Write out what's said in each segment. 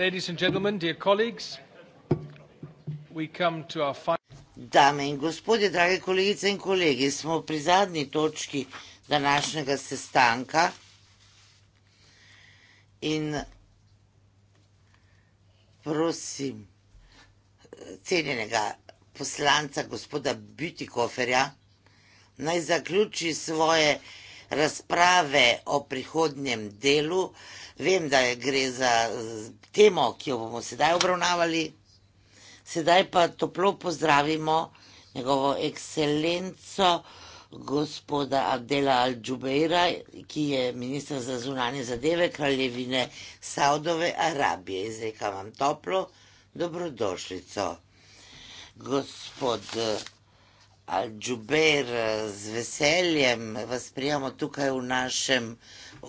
Ladies and gentlemen, dear colleagues, we come to our final... Dame in gospodje, drage kolegice in kolegi, smo pri zadnji točki današnjega sestanka in prosim cenjenega poslanca gospoda Bütikoferja, naj zaključi svoje razprave o prihodnjem delu. Vem, da gre za temo, ki jo bomo sedaj obravnavali. Sedaj pa toplo pozdravimo njegovo ekscelenco, gospoda Abdela Al-Džubeira, ki je ministr za zunanje zadeve kraljevine Saudove Arabije. Izrekam vam toplo dobrodošlico. Gospod Al-Džubeir, z veseljem vas prijamo tukaj v našem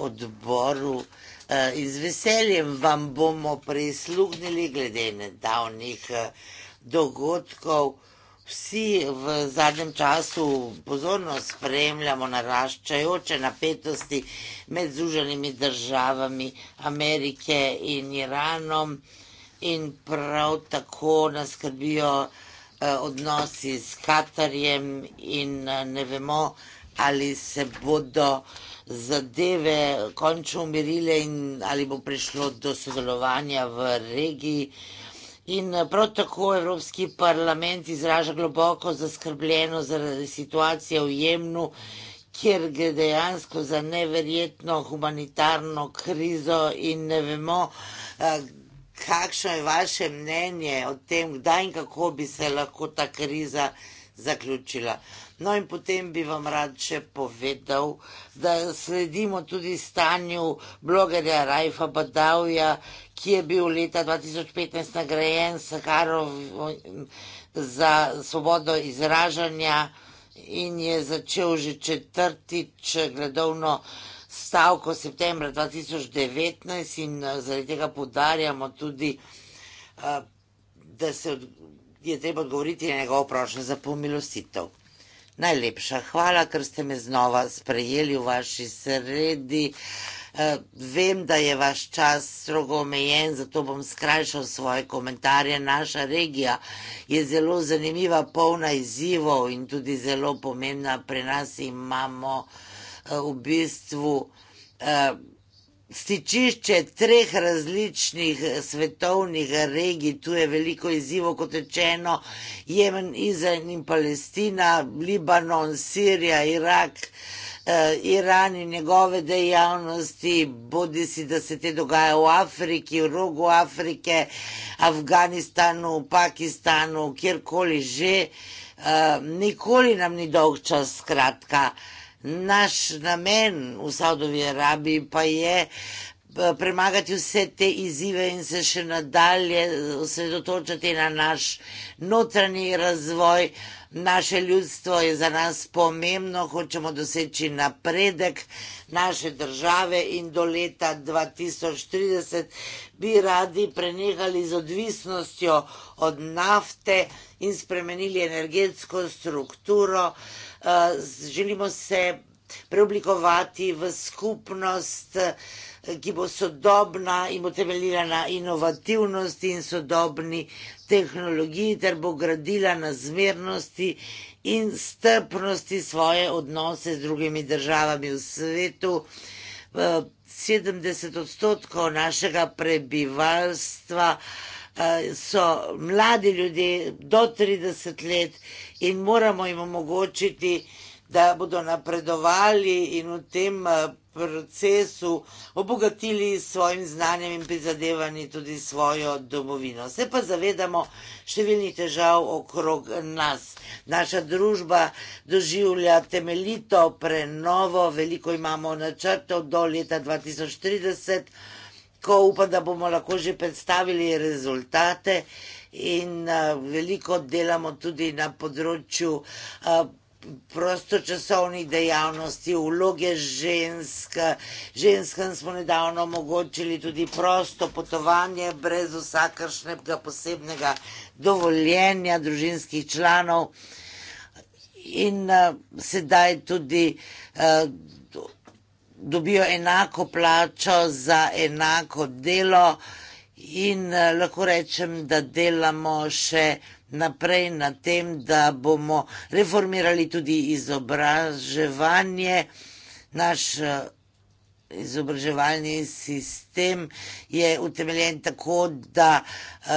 odboru eh, in z veseljem vam bomo prisluhnili glede nedavnih eh, dogodkov. Vsi v zadnjem času pozorno spremljamo naraščajoče napetosti med zuženimi državami Amerike in Iranom in prav tako nas skrbijo. Eh, odnosi s Katarjem in eh, ne vemo, ali se bodo zadeve končno umirile in ali bo prišlo do sodelovanja v regiji. In eh, prav tako Evropski parlament izraža globoko zaskrbljeno zaradi situacije v Jemnu, kjer gre dejansko za neverjetno humanitarno krizo in ne vemo, kakšno je vaše mnenje o tem, kdaj in kako bi se lahko ta kriza zaključila. No in potem bi vam rad še povedal, da sledimo tudi stanju blogerja Rajfa Badavja, ki je bil leta 2015 nagrajen Saharov za svobodo izražanja in je začel že četrtič gledovno stavko septembra 2019 in eh, zaradi tega podarjamo tudi, eh, da se je treba odgovoriti na njegovo prošnje za pomilostitev. Najlepša hvala, ker ste me znova sprejeli v vaši sredi. Eh, vem, da je vaš čas strogo omejen, zato bom skrajšal svoje komentarje. Naša regija je zelo zanimiva, polna izzivov in tudi zelo pomembna. Pri nas imamo uh, Eh, v bistvu eh, stičišče treh različnih eh, svetovnih regij, tu je veliko izzivo, kot rečeno, Jemen, Izrael in Palestina, Libanon, Sirija, Irak, Iran in njegove dejavnosti, bodi si, da se te dogaja v Afriki, v rogu Afrike, Afganistanu, Pakistanu, kjerkoli že, nikoli nam ni dolg čas skratka, Naš namen v Saudovi Arabiji pa je eh, premagati vse te izzive in se še nadalje osredotočati na naš notranji razvoj. Naše ljudstvo je za nas pomembno, hočemo doseči napredek naše države in do leta 2030 bi radi prenehali z odvisnostjo od nafte in spremenili energetsko strukturo. Eh, želimo se preoblikovati v skupnost, eh, ki bo sodobna in bo temeljila na inovativnosti in sodobni tehnologiji, ter bo gradila na zmernosti in strpnosti svoje odnose z drugimi državami v svetu. 70 eh, odstotkov našega prebivalstva Eh, so mladi ljudje do 30 let in moramo jim omogočiti, da bodo napredovali in v tem eh, procesu obogatili s svojim znanjem in prizadevanji tudi svojo domovino. Se pa zavedamo številnih težav okrog nas. Naša družba doživlja temeljito prenovo, veliko imamo načrtov do leta 2030, ko upam, da bomo lahko že predstavili rezultate in uh, veliko delamo tudi na področju uh, prostočasovnih dejavnosti, vloge žensk. Ženskam smo nedavno omogočili tudi prosto potovanje brez vsakršnega posebnega dovoljenja družinskih članov in uh, sedaj tudi uh, dobijo enako plačo za enako delo in eh, lahko rečem, da delamo še naprej na tem, da bomo reformirali tudi izobraževanje. Naš eh, izobraževalni sistem je utemeljen tako, da uh,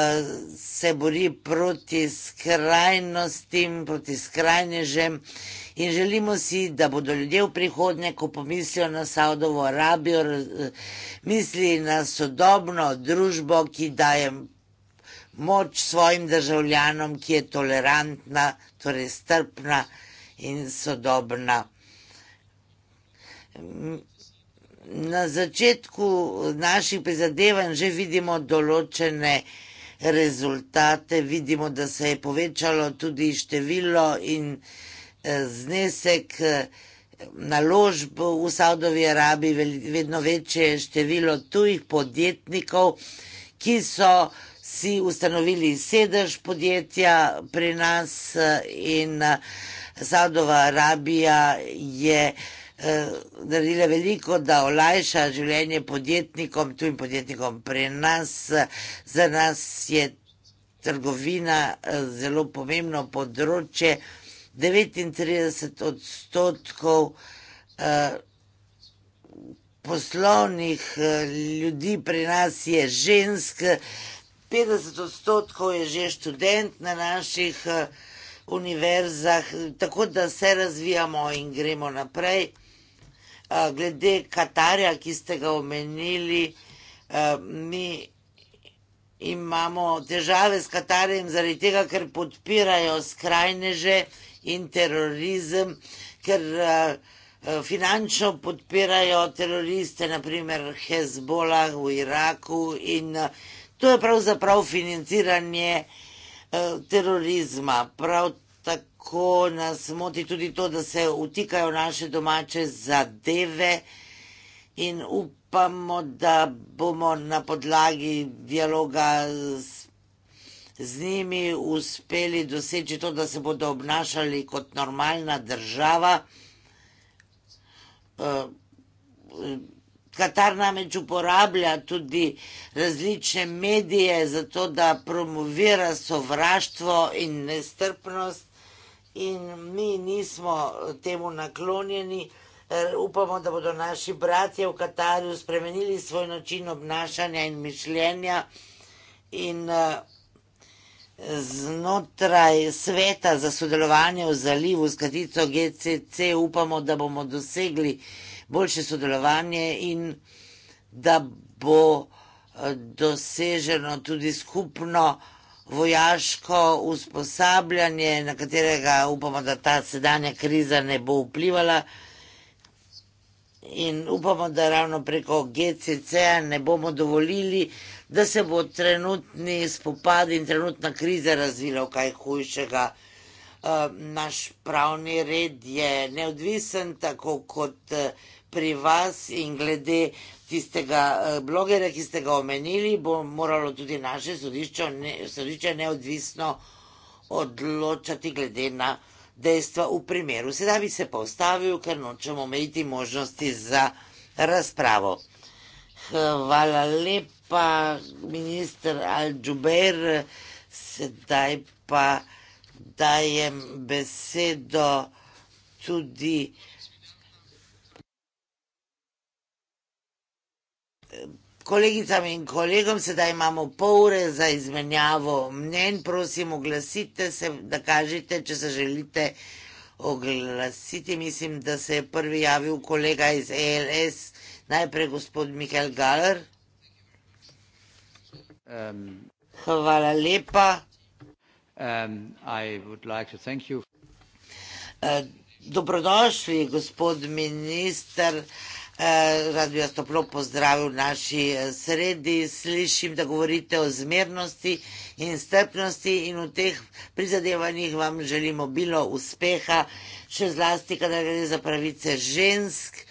se bori proti skrajnostim, proti skrajnežem in želimo si, da bodo ljudje v prihodnje, ko pomislijo na Saudovo Arabijo, eh, misli na sodobno družbo, ki daje moč svojim državljanom, ki je tolerantna, torej strpna in sodobna na začetku naših prizadevanj že vidimo določene rezultate, vidimo, da se je povečalo tudi število in eh, znesek eh, naložb v Saudovi Arabi, vedno večje število tujih podjetnikov, ki so si ustanovili sedež podjetja pri nas eh, in Saudova Arabija je Eh, naredila veliko, da olajša življenje podjetnikom, tujim podjetnikom pri nas. Za nas je trgovina eh, zelo pomembno področje. 39 odstotkov eh, poslovnih ljudi pri nas je žensk, 50 odstotkov je že študent na naših univerzah, tako da se razvijamo in gremo naprej glede Katarja, ki ste ga omenili, mi imamo težave s Katarjem zaradi tega, ker podpirajo skrajneže in terorizem, ker finančno podpirajo teroriste, naprimer Hezbollah v Iraku in to je pravzaprav financiranje terorizma. Prav ko nas moti tudi to, da se utikajo naše domače zadeve in upamo, da bomo na podlagi dialoga z, z njimi uspeli doseči to, da se bodo obnašali kot normalna država. Eh, Katar namreč uporablja tudi različne medije za to, da promovira sovraštvo in nestrpnost in mi nismo temu naklonjeni. E, upamo, da bodo naši bratje v Katarju spremenili svoj način obnašanja in mišljenja in e, znotraj sveta za sodelovanje v zalivu s kratico GCC upamo, da bomo dosegli boljše sodelovanje in da bo e, doseženo tudi skupno uh, vojaško usposabljanje, na katerega upamo, da ta sedanja kriza ne bo vplivala. In upamo, da ravno preko GCC-ja ne bomo dovolili, da se bo trenutni spopad in trenutna kriza razvila v kaj hujšega. Eh, naš pravni red je neodvisen, tako kot eh, pri vas in glede tistega eh, blogerja, ki ste ga omenili, bo moralo tudi naše sodišče, ne, sodišče neodvisno odločati glede na dejstva v primeru. Sedaj bi se pa ustavil, ker nočemo omejiti možnosti za razpravo. Hvala lepa, minister Al-Džuber. Sedaj pa dajem besedo tudi uh, kolegicam in kolegom, sedaj imamo pol ure za izmenjavo mnen, prosim, oglasite se, da kažete, če se želite oglasiti. Mislim, da se je prvi javil kolega iz ELS, najprej gospod Mihael Galer. Um, Hvala lepa. Um, like uh, dobrodošli, gospod minister. Uh, Eh, rad bi vas toplo pozdravil v naši eh, sredi. Slišim, da govorite o zmernosti in strpnosti in v teh prizadevanjih vam želimo bilo uspeha, še zlasti, kada gre za pravice žensk,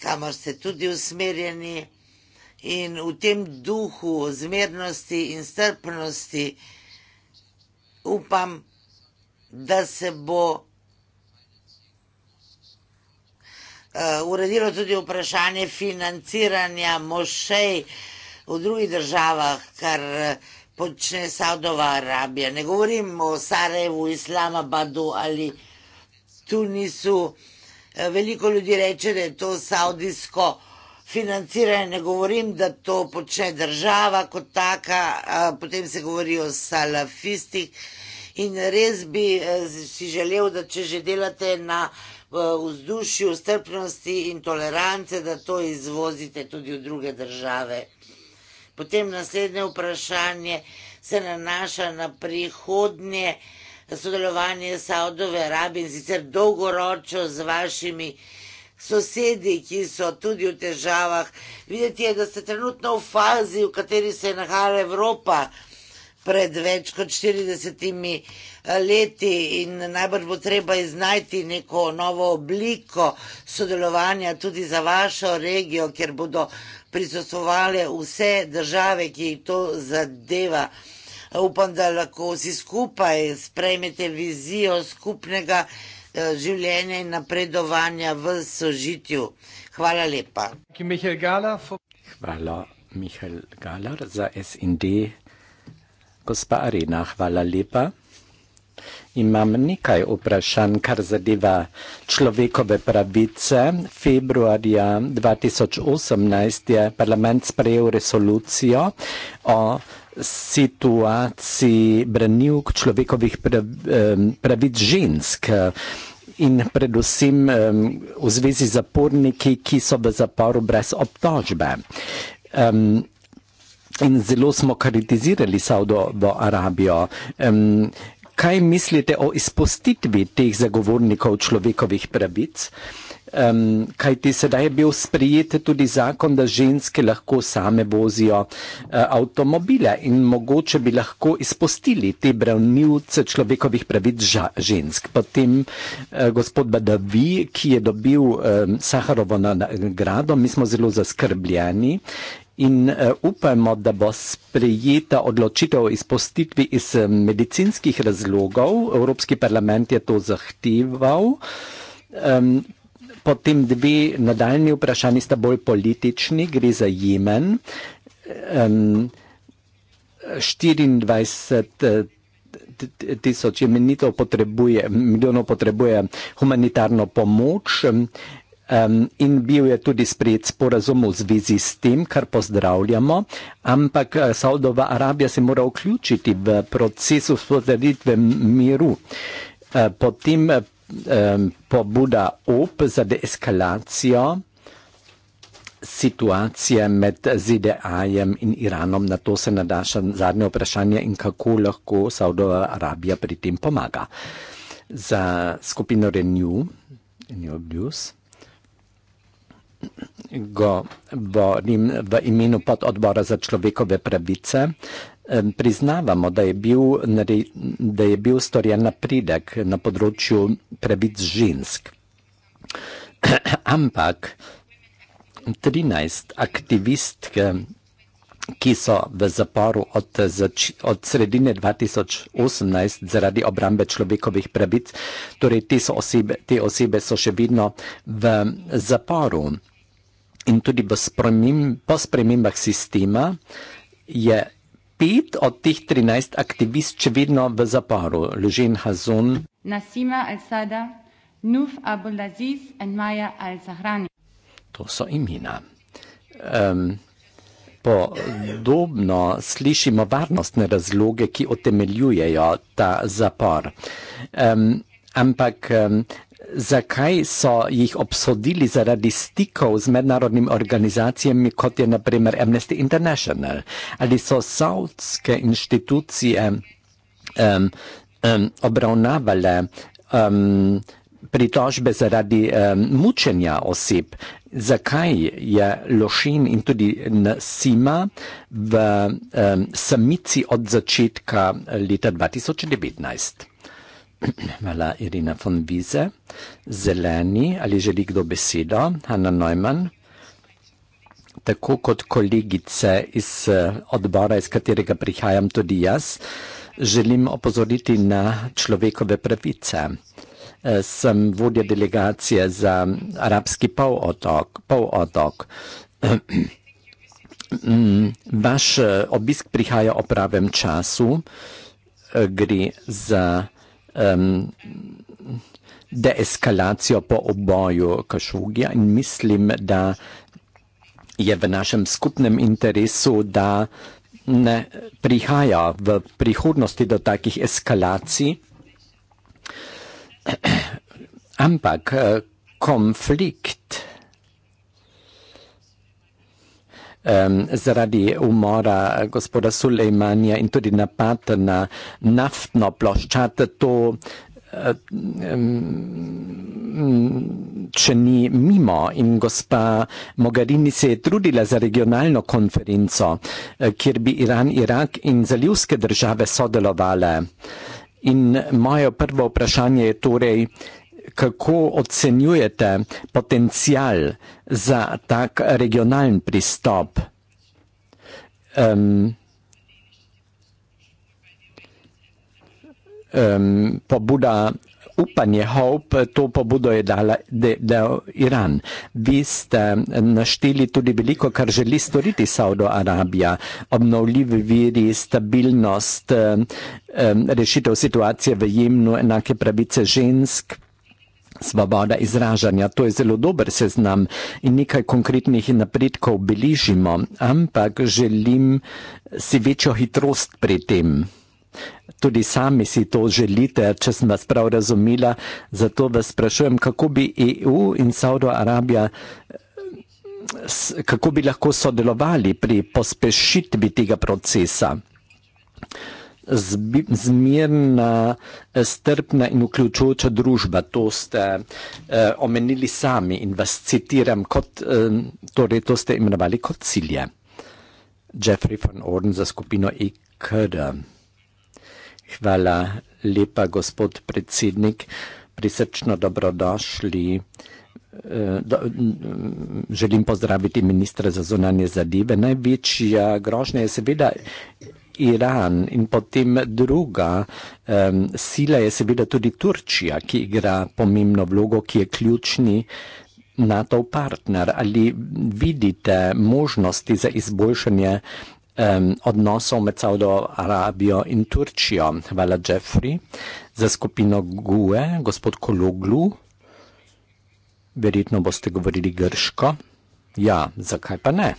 kamor ste tudi usmerjeni. In v tem duhu zmernosti in strpnosti upam, da se bo vsega, Eh, uredilo tudi vprašanje financiranja mošej v drugih državah, kar eh, počne Saudova Arabija. Ne govorim o Sarajevu, Islamabadu ali Tunisu. Eh, veliko ljudi reče, da je to saudijsko financiranje, ne govorim, da to počne država kot taka, potem se govori o salafistih in res bi si želel, da če že delate na vsega, v vzdušju strpnosti in tolerance, da to izvozite tudi v druge države. Potem naslednje vprašanje se nanaša na prihodnje sodelovanje Saudove Arabije in sicer dolgoročno z vašimi sosedi, ki so tudi v težavah. Videti je, da ste trenutno v fazi, v kateri se nahaja Evropa pred več kot 40 eh, leti in najbrž bo treba iznajti neko novo obliko sodelovanja tudi za vašo regijo, kjer bodo prisostovale vse države, ki jih to zadeva. Upam, da lahko vsi skupaj sprejmete vizijo skupnega eh, življenja in napredovanja v sožitju. Hvala lepa. Hvala, Mihael Galar za SND gospa Arena, hvala lepa. Imam nekaj vprašanj, kar zadeva človekove pravice. Februarja 2018 je parlament sprejel resolucijo o situaciji branilk človekovih pravic žensk in predvsem v zvezi z zaporniki, ki so v zaporu brez obtožbe in zelo smo kritizirali Saudovo Arabijo. Um, kaj mislite o izpustitvi teh zagovornikov človekovih pravic? Um, kaj ti sedaj je bil sprijet tudi zakon, da ženske lahko same vozijo uh, avtomobile in mogoče bi lahko izpostili te branilce človekovih pravic ža, žensk. Potem uh, gospod Badavi, ki je dobil um, Saharovo nagrado, mi smo zelo zaskrbljeni In eh, upajmo, da bo sprejeta odločitev o izpostitvi iz eh, medicinskih razlogov. Evropski parlament je to zahteval. Potem dve nadaljni vprašanji sta bolj politični, gre za Jemen. 24 eh, tisoč jemenitov potrebuje, milijonov potrebuje humanitarno pomoč. Um, in bil je tudi sprejet sporazum v zvezi s tem, kar pozdravljamo, ampak eh, Saudova Arabija se mora vključiti v proces vzpostavitve miru. Uh, potem um, pobuda OP za deeskalacijo situacije med ZDA-jem in Iranom, na to se nadaša zadnje vprašanje in kako lahko Saudova Arabija pri tem pomaga. Za skupino Renew, Renew News govorim v imenu pododbora za človekove pravice. Priznavamo, da je bil, da je bil storjen napredek na področju pravic žensk. Ampak 13 aktivistk ki so v zaporu od, zač, od sredine 2018 zaradi obrambe človekovih pravic. Torej, te, so osebe, te osebe so še vedno v zaporu. In tudi spremim, po spremembah sistema je pet od teh 13 aktivist še vedno v zaporu. Ložen Hazun. Nasima Al-Sada, Nuf Abulaziz in Maja Al-Zahrani. To so imena. Um, Podobno slišimo varnostne razloge, ki otemeljujejo ta zapor. Um, ampak um, zakaj so jih obsodili zaradi stikov z mednarodnimi organizacijami, kot je naprimer Amnesty International? Ali so saudske inštitucije um, um, obravnavale um, pritožbe zaradi um, mučenja oseb, zakaj je lošin in tudi nasima v um, samici od začetka leta 2019. Hvala, Irina von Wiese. Zeleni, ali želi kdo besedo? Hanna Neumann. Tako kot kolegice iz eh, odbora, iz katerega prihajam tudi jaz, želim opozoriti na človekove pravice. Eh, sem vodja delegacije za arabski polotok. polotok. Mm, vaš eh, obisk prihaja o pravem času, eh, gre za um, deeskalacijo po oboju Kašugija in mislim, da je v našem skupnem interesu, da ne prihaja v prihodnosti do takih eskalacij. ampak eh, konflikt um, zaradi umora eh, gospoda Sulejmanja in tudi napad na naftno ploščad, to če eh, ni mimo in gospa Mogherini se je trudila za regionalno konferenco, kjer bi Iran, Irak in zalivske države sodelovali. In moje prvo vprašanje je torej, kako ocenjujete potencial za tak regionalen pristop? Um, um, pobuda upanje, hope, to pobudo je dala, de, del Iran. Vi ste eh, našteli tudi veliko, kar želi storiti Saudo Arabija, obnovljivi viri, stabilnost, eh, eh, rešitev situacije v Jemnu, enake pravice žensk. Svoboda izražanja, to je zelo dober seznam in nekaj konkretnih napredkov beležimo, ampak želim si večjo hitrost pri tem. Tudi sami si to želite, če sem vas prav razumela. Zato vas sprašujem, kako bi EU in Saudo Arabija, kako bi lahko sodelovali pri pospešitvi tega procesa. Zmirna, strpna in vključujoča družba, to ste eh, omenili sami in vas citiram, kot, eh, torej to ste imenovali kot cilje. Jeffrey van Orden za skupino IKD. Hvala lepa, gospod predsednik. Prisrčno dobrodošli. Eh, mm, želim pozdraviti ministra za zunanje zadeve. Največja grožnja je seveda. Iran in potem druga um, sila je seveda tudi Turčija, ki igra pomembno vlogo, ki je ključni NATO partner. Ali vidite možnosti za izboljšanje uh, um, odnosov med Saudo Arabijo in Turčijo. Hvala, Jeffrey. Za skupino GUE, gospod Kologlu, verjetno boste govorili grško. Ja, zakaj pa ne?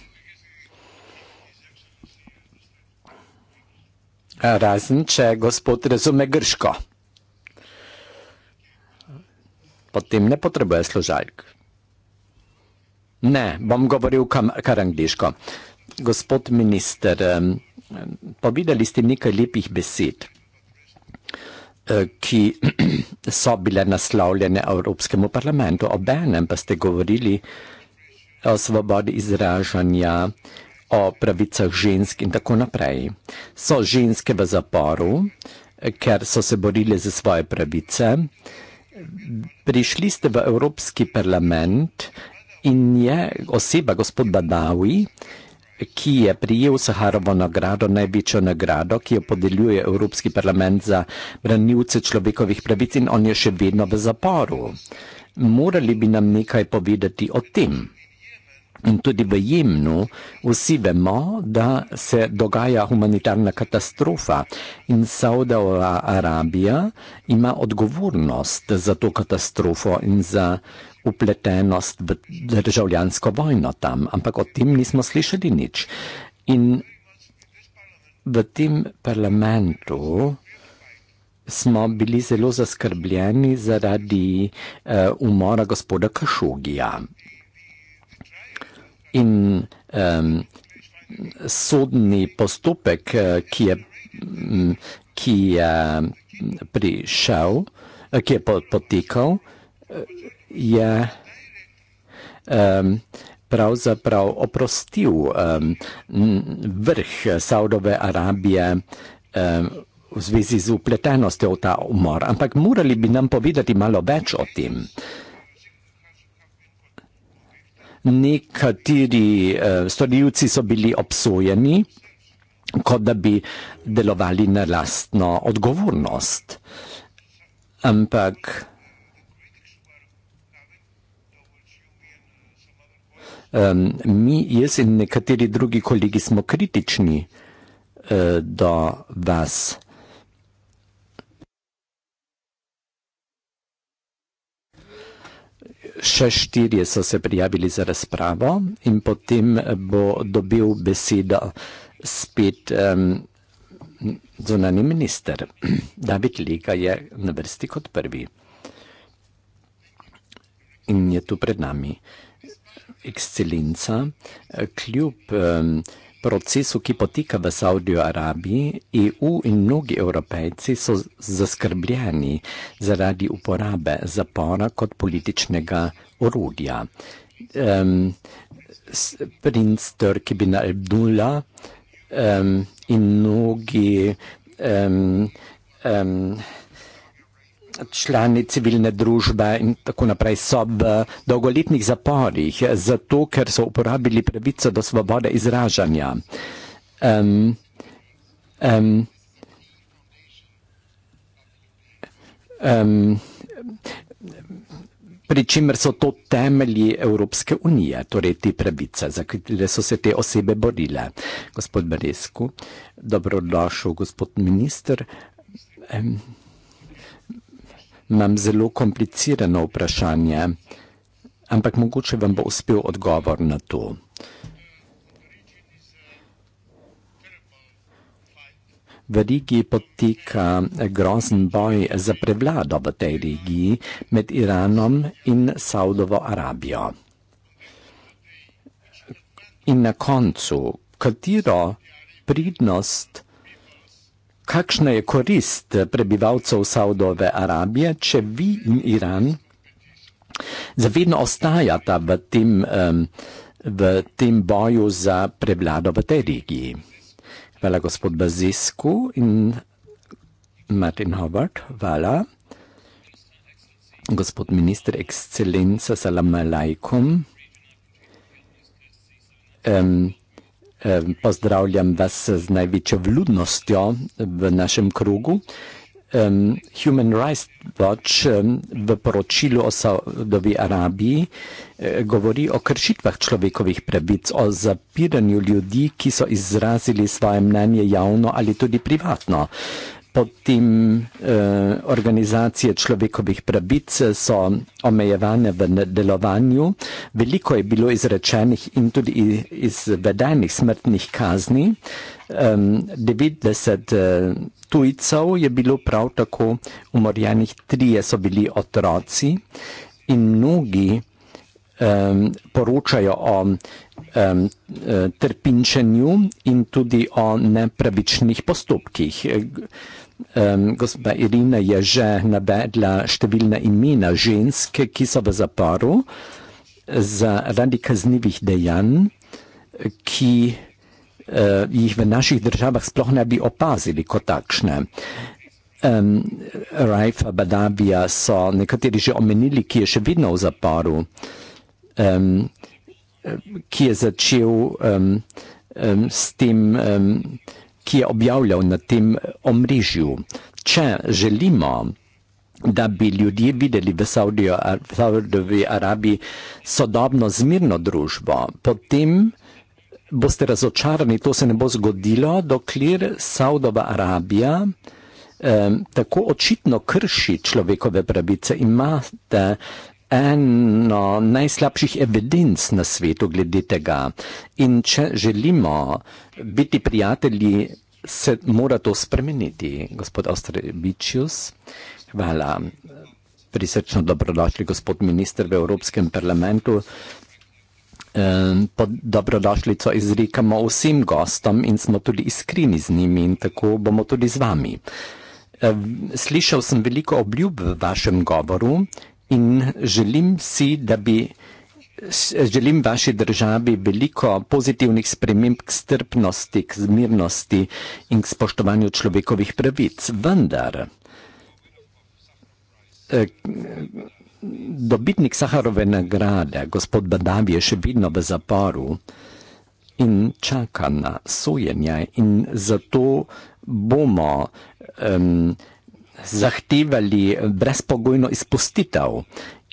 Razen, če gospod razume grško. Potem ne potrebuje služalk. Ne, bom govoril kar angliško. Uh, gospod minister, povedali ste nekaj lepih besed, e, ki so bile naslavljene Evropskemu parlamentu. Obenem pa ste govorili o svobodi izražanja, o pravicah žensk in tako naprej. So ženske v zaporu, ker so se borile za svoje pravice. Prišli ste v Evropski parlament in je oseba gospod Badawi, ki je ki je prijel Saharovo nagrado, največjo nagrado, ki jo podeljuje Evropski parlament za branilce človekovih pravic in on je še vedno v zaporu. Morali bi nam nekaj povedati o tem. In tudi v Jemnu vsi vemo, da se dogaja humanitarna katastrofa in Saudova Arabija ima odgovornost za to katastrofo in za upletenost v državljansko vojno tam, ampak o tem nismo slišali nič. In v tem parlamentu smo bili zelo zaskrbljeni zaradi uh, umora gospoda Kašogija. In um, sodni postopek, eh, ki je, ki je prišel, eh, ki je potekal, je um, pravzaprav oprostil um, vrh Saudove Arabije um, v zvezi z upletenostjo v ta umor. Ampak morali bi nam povedati malo več o tem. Nekateri uh, storilci so bili obsojeni, kot da bi delovali na lastno odgovornost. Ampak. um, mi, jaz in nekateri drugi kolegi smo kritični uh, do vas. Še štirje so se prijavili za razpravo in potem bo dobil besedo spet um, zunani minister. David Lega je na vrsti kot prvi in je tu pred nami. Uh, ekscelenca, eh, kljub procesu, ki poteka v Saudijo Arabiji, EU in mnogi evropejci so zaskrbljeni zaradi uporabe zapora kot političnega orodja. Um, princ Turki bin Abdulla um, in mnogi um, um, člani civilne družbe in tako naprej so v dolgoletnih zaporih, zato ker so uporabili pravico do svobode izražanja. Um, um, um, Pričimer so to temelji Evropske unije, torej te pravice, za katere so se te osebe borile. Gospod Beresku, dobrodošel, gospod minister. Um, imam zelo komplicirano vprašanje, ampak mogoče vam bo uspel odgovor na to. V regiji poteka grozen boj za prevlado v tej regiji med Iranom in Saudovo Arabijo. In na koncu, katero pridnost kakšna je korist eh, prebivalcev Saudove Arabije, če vi in Iran zavedno ostajata v tem, um, v tem boju za prevlado v tej regiji? Hvala, gospod Bazisku in Martin Howard. Hvala. Gospod minister, ekscelenca, salam alaikum. Um, pozdravljam vas z največjo vljudnostjo v našem krogu. Human Rights Watch v poročilu o Saudovi Arabiji eh, govori o kršitvah človekovih pravic, o zapiranju ljudi, ki so izrazili svoje mnenje javno ali tudi privatno potem eh, organizacije človekovih pravic eh, so omejevane v delovanju. Veliko je bilo izrečenih in tudi izvedenih smrtnih kazni. Eh, 90 eh, tujcev je bilo prav tako umorjenih, trije so bili otroci in mnogi um, poročajo o um, trpinčenju in tudi o nepravičnih postopkih. Um, gospa Irina je že navedla številna imena ženske, ki so v zaporu zaradi kaznivih dejanj, ki uh, jih v naših državah sploh ne bi opazili kot takšne. Um, Rajfa Badabija so nekateri že omenili, ki je še vedno v zaporu um, ki je začel um, um, s tem, um, ki je objavljal na tem omrežju. Če želimo, da bi ljudje videli v Saudovi Arabiji sodobno zmirno družbo, potem boste razočarani, to se ne bo zgodilo, dokler Saudova Arabija eh, tako očitno krši človekove pravice. Imate eno najslabših evidenc na svetu glede tega. In če želimo biti prijatelji, se mora to spremeniti. Gospod Ostrebičius, hvala. Prisrčno dobrodošli, gospod minister v Evropskem parlamentu. Pod dobrodošlico izrekamo vsem gostom in smo tudi iskreni z njimi in tako bomo tudi z vami. Slišal sem veliko obljub v vašem govoru, in želim si, da bi. Želim vaši državi veliko pozitivnih sprememb k strpnosti, k zmirnosti in k spoštovanju človekovih pravic. Vendar, eh, dobitnik Saharove nagrade, gospod Badav, je še vedno v zaporu in čaka na sojenje, in zato bomo. Um, zahtevali brezpogojno izpustitev.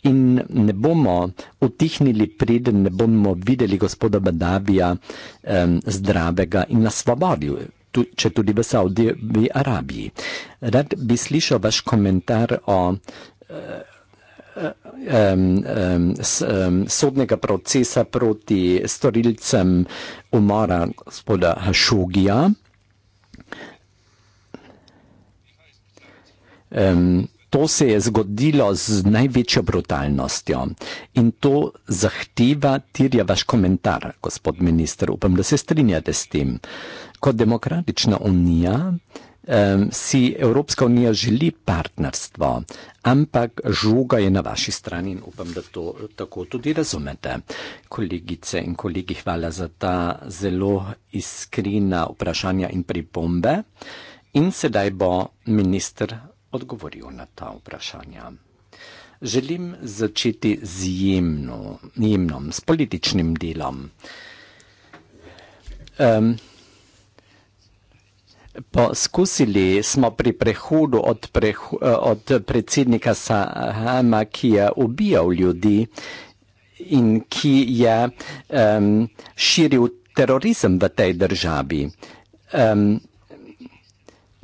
In ne bomo utihnili, preden ne bomo videli gospoda Badabija um, zdravega in na svobodi, tu, če tudi v Saudi Arabiji. Rad bi slišal vaš komentar o um, um, s, um, sodnega procesa proti storilcem umora gospoda Hašugija. Um, To se je zgodilo z največjo brutalnostjo in to zahteva, tirja vaš komentar, gospod minister. Upam, da se strinjate s tem. Kot demokratična unija um, si Evropska unija želi partnerstvo, ampak žuga je na vaši strani in upam, da to tako tudi razumete. Kolegice in kolegi, hvala za ta zelo iskrena vprašanja in pripombe. In sedaj bo minister odgovoril na ta vprašanja. Želim začeti z jemno, jemnom, s političnim delom. Um, poskusili smo pri prehodu od, preho, od predsednika Sahama, ki je ubijal ljudi in ki je um, širil terorizem v tej državi. Um,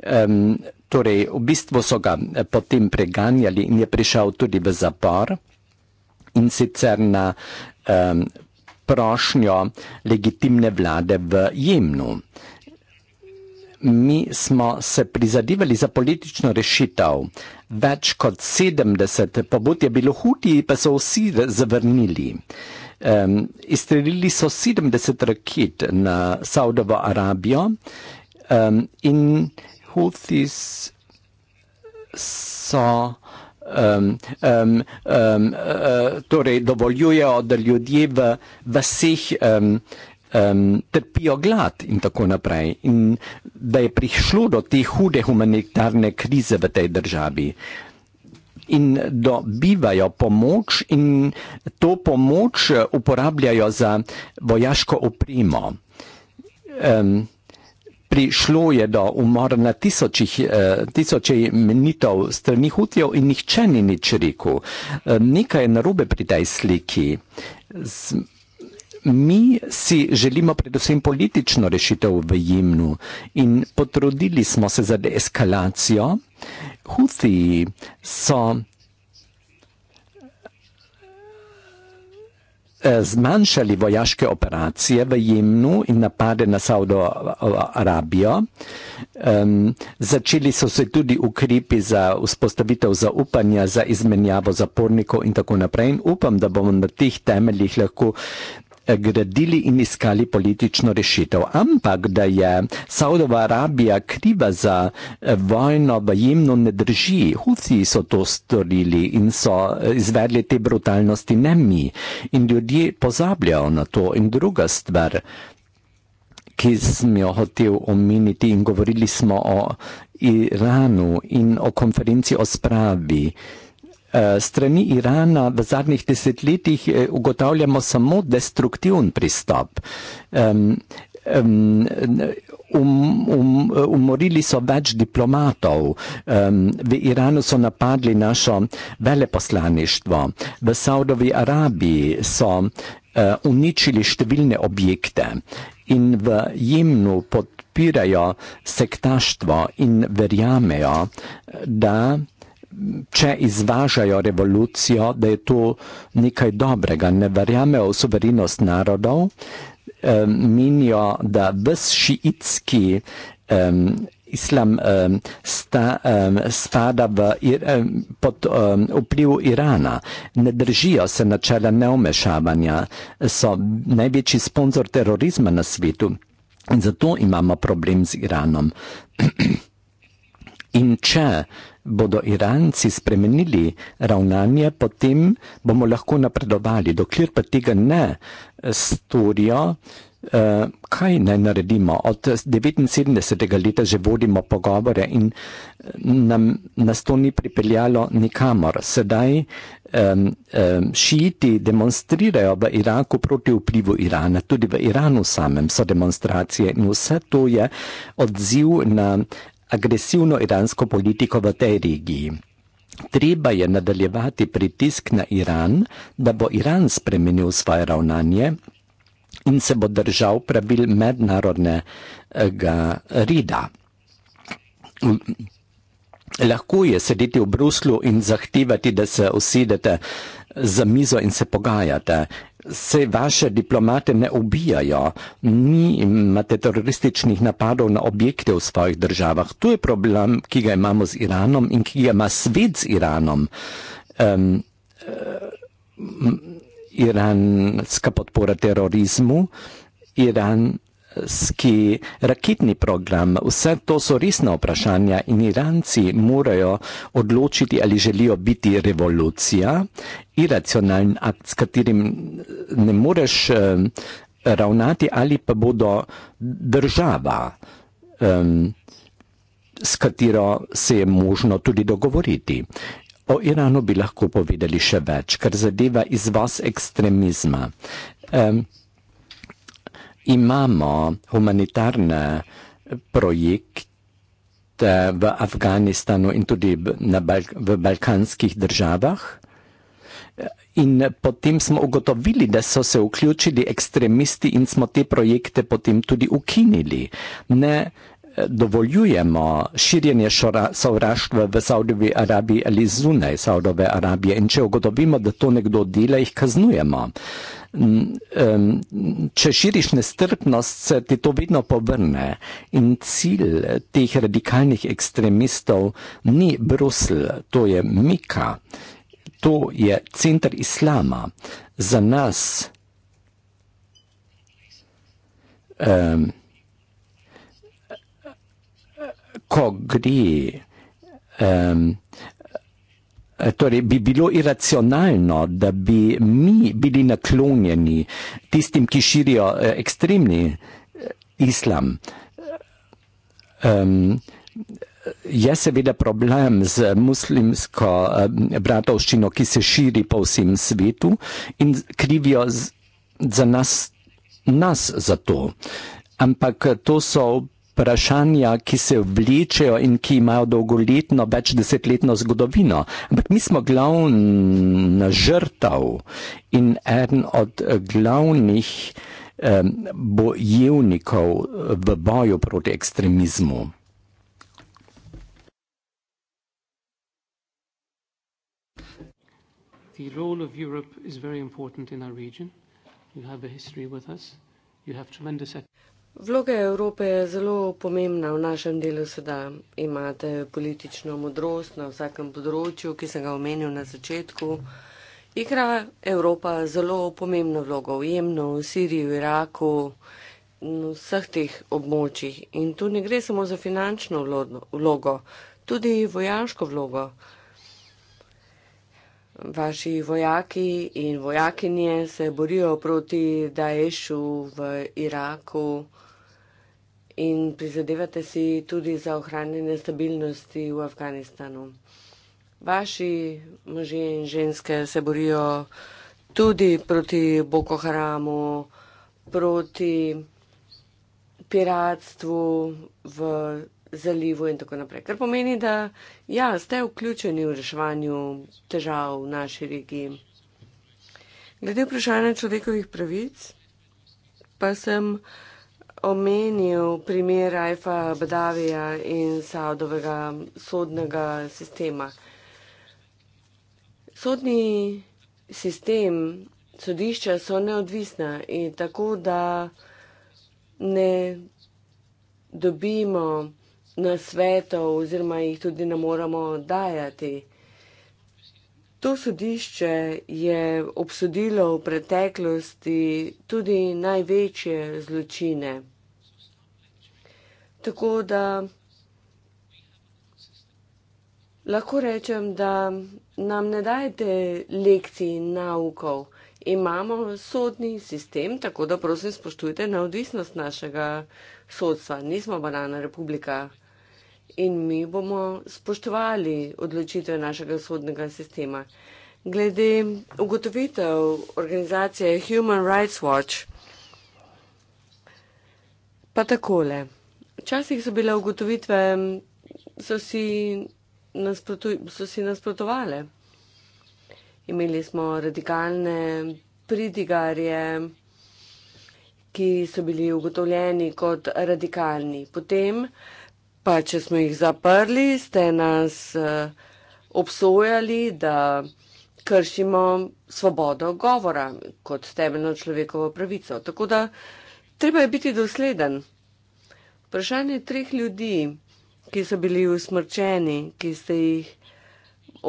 um, torej v bistvu so ga eh, potem preganjali in je prišel tudi v zapor in sicer na um, prošnjo legitimne vlade v Jemnu. Mi smo se prizadevali za politično rešitev. Več kot 70 pobud je bilo huti, pa so vsi zavrnili. Um, izstrelili so 70 raket na Saudovo Arabijo um, in Houthis so. Um, um, um, uh, torej, dovoljujejo, da ljudje v vseh um, um, trpijo glad, in tako naprej. In da je prišlo do te hude humanitarne krize v tej državi, in da dobivajo pomoč, in to pomoč uporabljajo za vojaško opremo. Um, prišlo je do umora na tisočih, eh, tisoče menitev strani hutijev in nihče ni nič rekel. Eh, nekaj je narobe pri tej sliki. Z Mi si želimo predvsem politično rešitev v Jemnu in potrudili smo se za deeskalacijo. Huthi so Eh, zmanjšali vojaške operacije v Jemnu in napade na Saudo eh, Arabijo. Um, začeli so se tudi ukrepi za vzpostavitev zaupanja, za izmenjavo zapornikov in tako naprej. In upam, da bomo na teh temeljih lahko gradili in iskali politično rešitev. Ampak da je Saudova Arabija kriva za eh, vojno v Jemnu, ne drži. Huci so to storili in so izvedli te brutalnosti, ne mi. In ljudje pozabljajo na to. In druga stvar, ki sem jo hotel omeniti, in govorili smo o Iranu in o konferenci o spravi. Eh, strani Irana v zadnjih desetletjih eh, ugotavljamo samo destruktivn pristop. Um, um, um, um, umorili so več diplomatov, um, v Iranu so napadli našo veleposlaništvo, v Saudovi Arabiji so uh, uničili številne objekte in v Jemnu podpirajo sektaštvo in verjamejo, da če izvažajo revolucijo, da je to nekaj dobrega, ne verjamejo v soverenost narodov, eh, menijo, da vzšitski eh, islam eh, sta, eh, spada v, eh, pod eh, vpliv Irana, ne držijo se načela neomešavanja, so največji sponzor terorizma na svetu in zato imamo problem z Iranom. in če bodo Iranci spremenili ravnanje, potem bomo lahko napredovali. Dokler pa tega ne eh, storijo, eh, kaj naj naredimo? Od 79. leta že vodimo pogovore in eh, nam, nas to ni pripeljalo nikamor. Sedaj um, um, šiti demonstrirajo v Iraku proti vplivu Irana, tudi v Iranu samem so demonstracije in vse to je odziv na agresivno iransko politiko v tej regiji. Treba je nadaljevati pritisk na Iran, da bo Iran spremenil svoje ravnanje in se bo držal pravil mednarodnega reda. Lahko je sedeti v Bruslu in zahtevati, da se usedete za mizo in se pogajate se vaše diplomate ne ubijajo, ni imate terorističnih napadov na objekte v svojih državah. To je problem, ki ga imamo z Iranom in ki ga ima svet z Iranom. Um, uh, iranska podpora terorizmu, Iran. Ski, raketni program, vse to so resna vprašanja in Iranci morajo odločiti, ali želijo biti revolucija, iracionalen akt, s katerim ne moreš eh, ravnati, ali pa bodo država, eh, s katero se je možno tudi dogovoriti. O Iranu bi lahko povedali še več, kar zadeva izvoz ekstremizma. Eh, imamo humanitarne projekte v Afganistanu in tudi na Balk v balkanskih državah. In potem smo ugotovili, da so se vključili ekstremisti in smo te projekte potem tudi ukinili. Ne, dovoljujemo širjenje sovraštva v Saudovi Arabiji ali zunaj Saudove Arabije in če ugotovimo, da to nekdo dela, jih kaznujemo. Če širiš nestrpnost, se ti to vedno povrne in cilj teh radikalnih ekstremistov ni Brusel, to je Mika, to je centr islama. Za nas um, ko gre, um, torej bi bilo iracionalno, da bi mi bili naklonjeni tistim, ki širijo eh, ekstremni eh, islam. Um, Je seveda problem z muslimsko eh, bratovščino, ki se širi po vsem svetu in krivijo za nas, nas za to. Ampak to so v vprašanja, ki se vlečejo in ki imajo dolgoletno, več desetletno zgodovino. Ampak mi smo glavna žrtav in eden od glavnih eh, bojevnikov v boju proti ekstremizmu. The role of Europe is very important in our region. You have a history with us. You have tremendous. Vloga Evrope je zelo pomembna v našem delu sedaj. Imate politično modrost na vsakem področju, ki sem ga omenil na začetku. Igra Evropa zelo pomembno vlogo v Jemnu, v Siriji, v Iraku, na vseh teh območjih. In tu ne gre samo za finančno vlogo, tudi vojaško vlogo. Vaši vojaki in vojakinje se borijo proti Daešu v Iraku in prizadevate si tudi za ohranjanje stabilnosti v Afganistanu. Vaši možje in ženske se borijo tudi proti Boko Haramu, proti piratstvu v zalivu in tako naprej. Kar pomeni, da ja, ste vključeni v reševanju težav v naši regiji. Glede vprašanja človekovih pravic, pa sem omenil primer Rajfa Badavija in Saudovega sodnega sistema. Sodni sistem, sodišča so neodvisna in tako, da ne dobimo nasvetov oziroma jih tudi ne moramo dajati. To sodišče je obsodilo v preteklosti tudi največje zločine. Tako da lahko rečem, da nam ne dajete lekcij in naukov. Imamo sodni sistem, tako da prosim spoštujte neodvisnost našega sodstva. Nismo banana republika in mi bomo spoštovali odločitve našega sodnega sistema. Glede ugotovitev organizacije Human Rights Watch, pa takole. Včasih so bile ugotovitve, so si, so si nasprotovale. Imeli smo radikalne pridigarje, ki so bili ugotovljeni kot radikalni. Potem Pa če smo jih zaprli, ste nas eh, obsojali, da kršimo svobodo govora kot temeljno človekovo pravico. Tako da treba je biti dosleden. Vprašanje treh ljudi, ki so bili usmrčeni, ki ste jih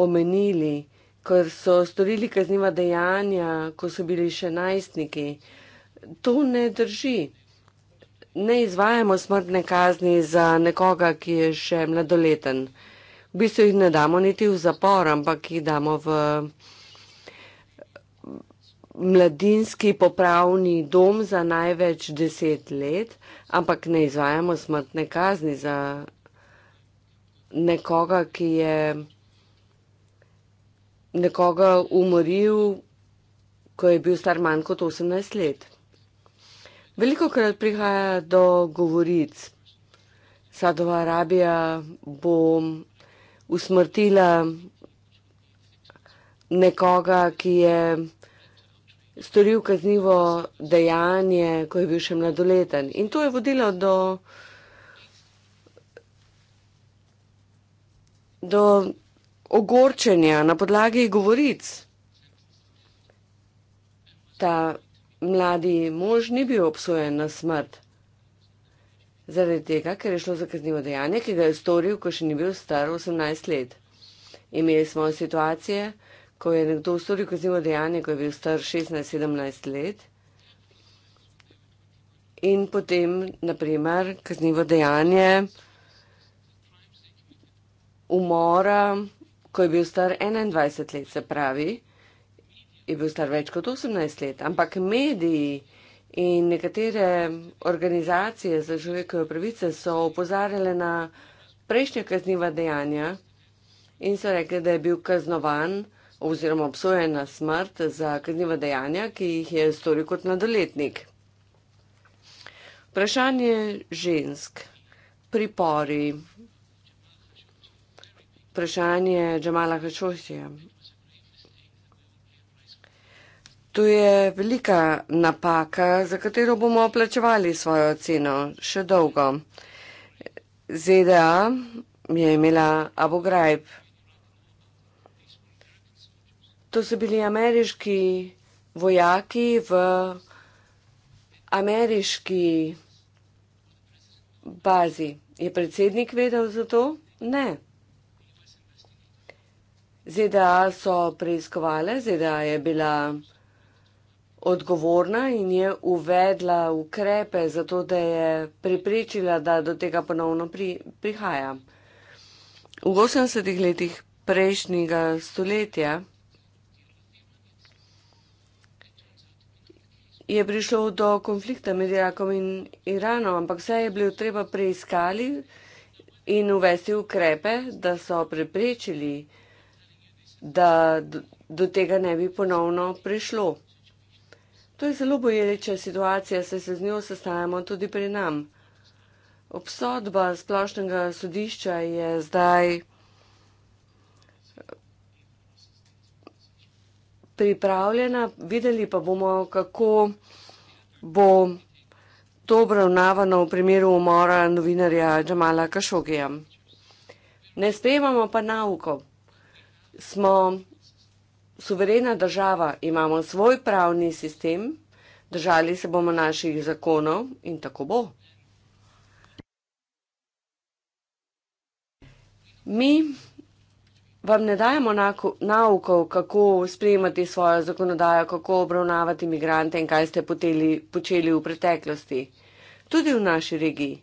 omenili, ker so storili kazniva dejanja, ko so bili še najstniki, to ne drži ne izvajamo smrtne kazni za nekoga, ki je še mladoleten. V bistvu jih ne damo niti v zapor, ampak jih damo v mladinski popravni dom za največ deset let, ampak ne izvajamo smrtne kazni za nekoga, ki je nekoga umoril, ko je bil star manj kot 18 let. Veliko krat prihaja do govoric. Sadova Arabija bo usmrtila nekoga, ki je storil kaznivo dejanje, ko je bil še mladoleten. In to je vodilo do, do ogorčenja na podlagi govoric. Ta mladi mož ni bil obsojen na smrt. Zaradi tega, ker je šlo za kaznivo dejanje, ki ga je storil, ko še ni bil star 18 let. Imeli smo situacije, ko je nekdo storil kaznivo dejanje, ko je bil star 16-17 let in potem, naprimer, kaznivo dejanje umora, ko je bil star 21 let, se pravi, je bil star več kot 18 let, ampak mediji in nekatere organizacije za človekove pravice so opozarjale na prejšnja kazniva dejanja in so rekli, da je bil kaznovan oziroma obsojen na smrt za kazniva dejanja, ki jih je storil kot nadoletnik. Vprašanje žensk, pripori, vprašanje Džamala Hačošija, To je velika napaka, za katero bomo plačevali svojo ceno še dolgo. ZDA je imela Abu Ghraib. To so bili ameriški vojaki v ameriški bazi. Je predsednik vedel za to? Ne. ZDA so preiskovali, ZDA je bila odgovorna in je uvedla ukrepe za to, da je preprečila, da do tega ponovno pri, prihaja. V 80-ih letih prejšnjega stoletja je prišlo do konflikta med Irakom in Iranom, ampak vse je bilo treba preiskali in uvesti ukrepe, da so preprečili, da do, do tega ne bi ponovno prišlo. To je zelo boječa situacija, saj se z njo sestajamo tudi pri nam. Obsodba splošnega sodišča je zdaj eh, pripravljena, videli pa bomo, kako bo to obravnavano v primeru umora novinarja Džamala Kašogija. Ne sprejemamo pa nauko. Smo suverena država, imamo svoj pravni sistem, držali se bomo naših zakonov in tako bo. Mi vam ne dajemo naukov, kako sprejemati svojo zakonodajo, kako obravnavati imigrante in kaj ste poteli, počeli v preteklosti. Tudi v naši regiji.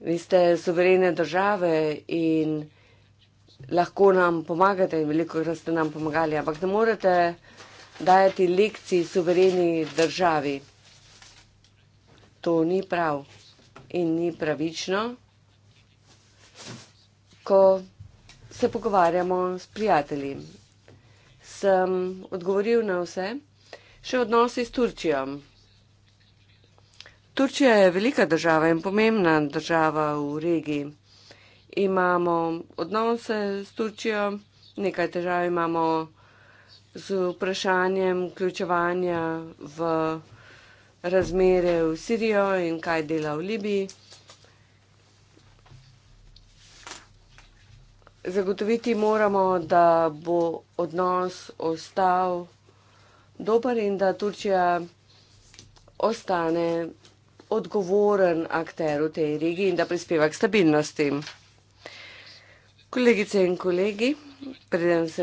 Vi ste suverene države in lahko nam pomagate in veliko krat ste nam pomagali, ampak ne morete dajati lekcij suvereni državi. To ni prav in ni pravično, ko se pogovarjamo s prijatelji. Sem odgovoril na vse, še odnosi s Turčijo. Turčija je velika država in pomembna država v regiji imamo odnose s Turčijo, nekaj težav imamo z vprašanjem vključevanja v razmere v Sirijo in kaj dela v Libiji. Zagotoviti moramo, da bo odnos ostal dober in da Turčija ostane odgovoren akter v tej regiji in da prispeva k stabilnosti. Kolegice in kolegi, predem se.